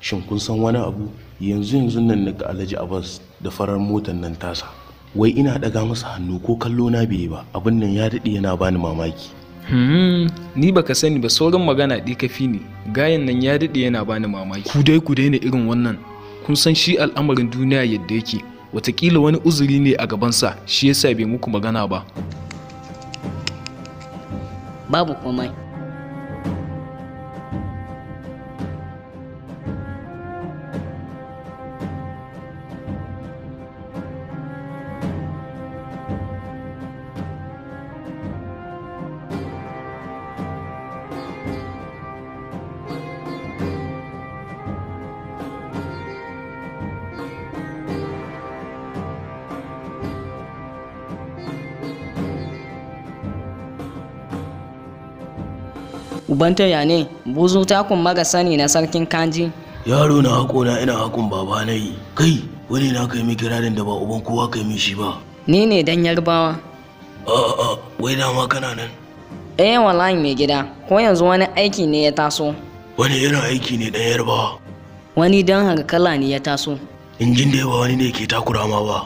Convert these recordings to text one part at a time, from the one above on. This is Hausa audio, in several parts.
shin kun san wani abu yanzu yanzu nan na ga alhaji abbas da farar motar nan tasa wai ina ɗaga masa hannu ko kallo na bai ba abin nan ya daɗe yana bani mamaki hmm, ni baka sani ba sauran magana ɗi kafi ne gayan nan ya daɗe yana bani mamaki ku dai ku daina irin wannan kun san shi al'amarin duniya yadda yake watakila wani uzuri ne a gabansa shi yasa bai muku magana ba babu komai ubanta ya ne buzu takun maga sani na sarkin kanji yaro na hako na ina hakun baba na yi kai wani na kai mi kirarin da ba uban kowa kai mi shi ba ni ne dan yarbawa a a wai dama kana nan eh wallahi mai gida ko yanzu wani aiki ne ya taso wani irin aiki ne dan yarbawa wani dan haka kala ne ya taso injin da ba wani ne ke takura ma ba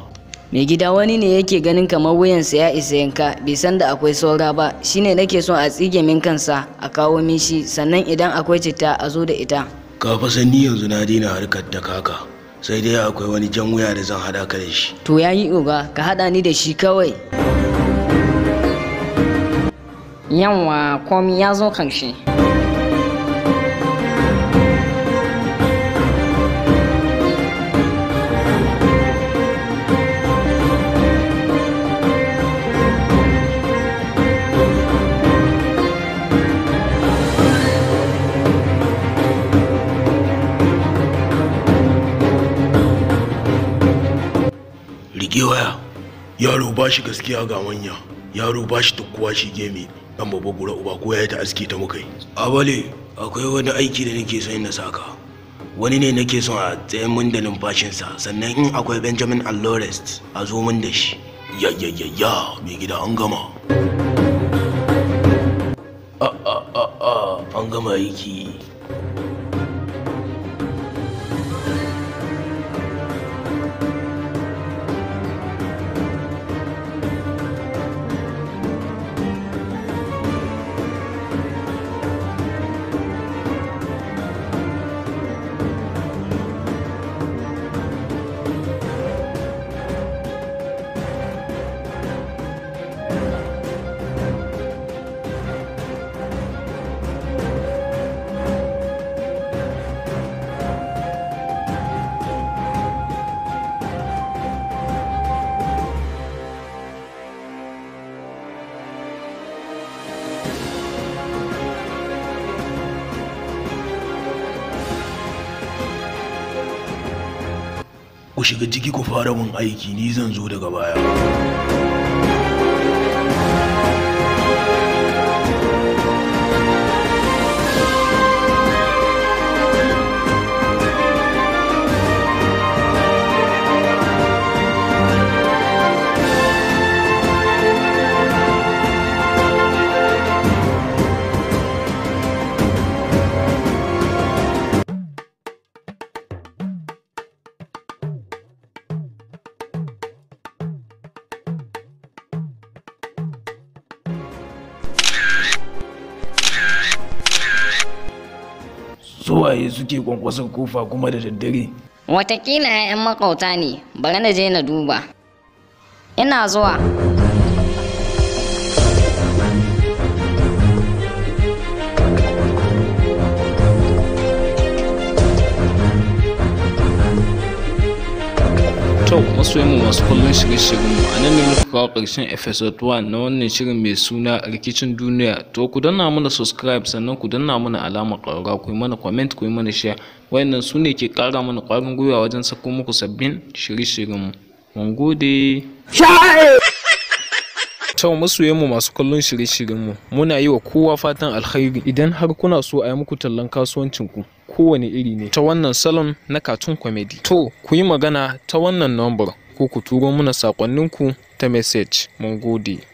mai gida wani ne yake ganin kamar wuyansa ya isa yanka bai san da akwai saura ba shine nake son a tsige min kansa a kawo min shi sannan idan akwai citta a zo da ita ka fa sani yanzu na daina harkar da kaka sai dai akwai wani jan wuya da zan hada ka da shi to yayi uga ka hada ni da shi kawai yanwa komi ya zo karshe waya yaro ba shi gaskiya ga manya yaro ba shi tukkuwa shi gemi dan babu gura uba ko ya ta aski ta mukai a bale akwai wani aiki da nake son na saka wani ne nake son a tsaye mun da numfashinsa sannan in akwai benjamin allorest a zo mun da shi ya ya ya ya mai gida an gama a a a an gama aiki shiga ciki ku fara mun aiki ni zan zo daga baya Su waye suke kwankwasar kofa kuma da daddare watakila 'ya'yan makauta ne bari na je na duba ina zuwa masu yi masu kallon shirye mu a nan ne muka kawo ƙarshen episode 1 na wannan shirin mai suna rikicin duniya to ku danna mana subscribe sannan ku danna mana alamar ƙaura ku yi mana comment ku yi mana share wayannan su ne ke ƙara mana ƙwarin gwiwa wajen sako muku sabbin shirin shiryenmu mun gode To masoyanmu masu kallon shirye-shiryen mu muna yi wa kowa fatan alkhairi idan har kuna so a yi muku tallan kasuwancin ku kowane iri ne ta wannan salon na katun comedy. To ku yi magana ta wannan number ko ku turo muna sakonninku ta message. Mun gode.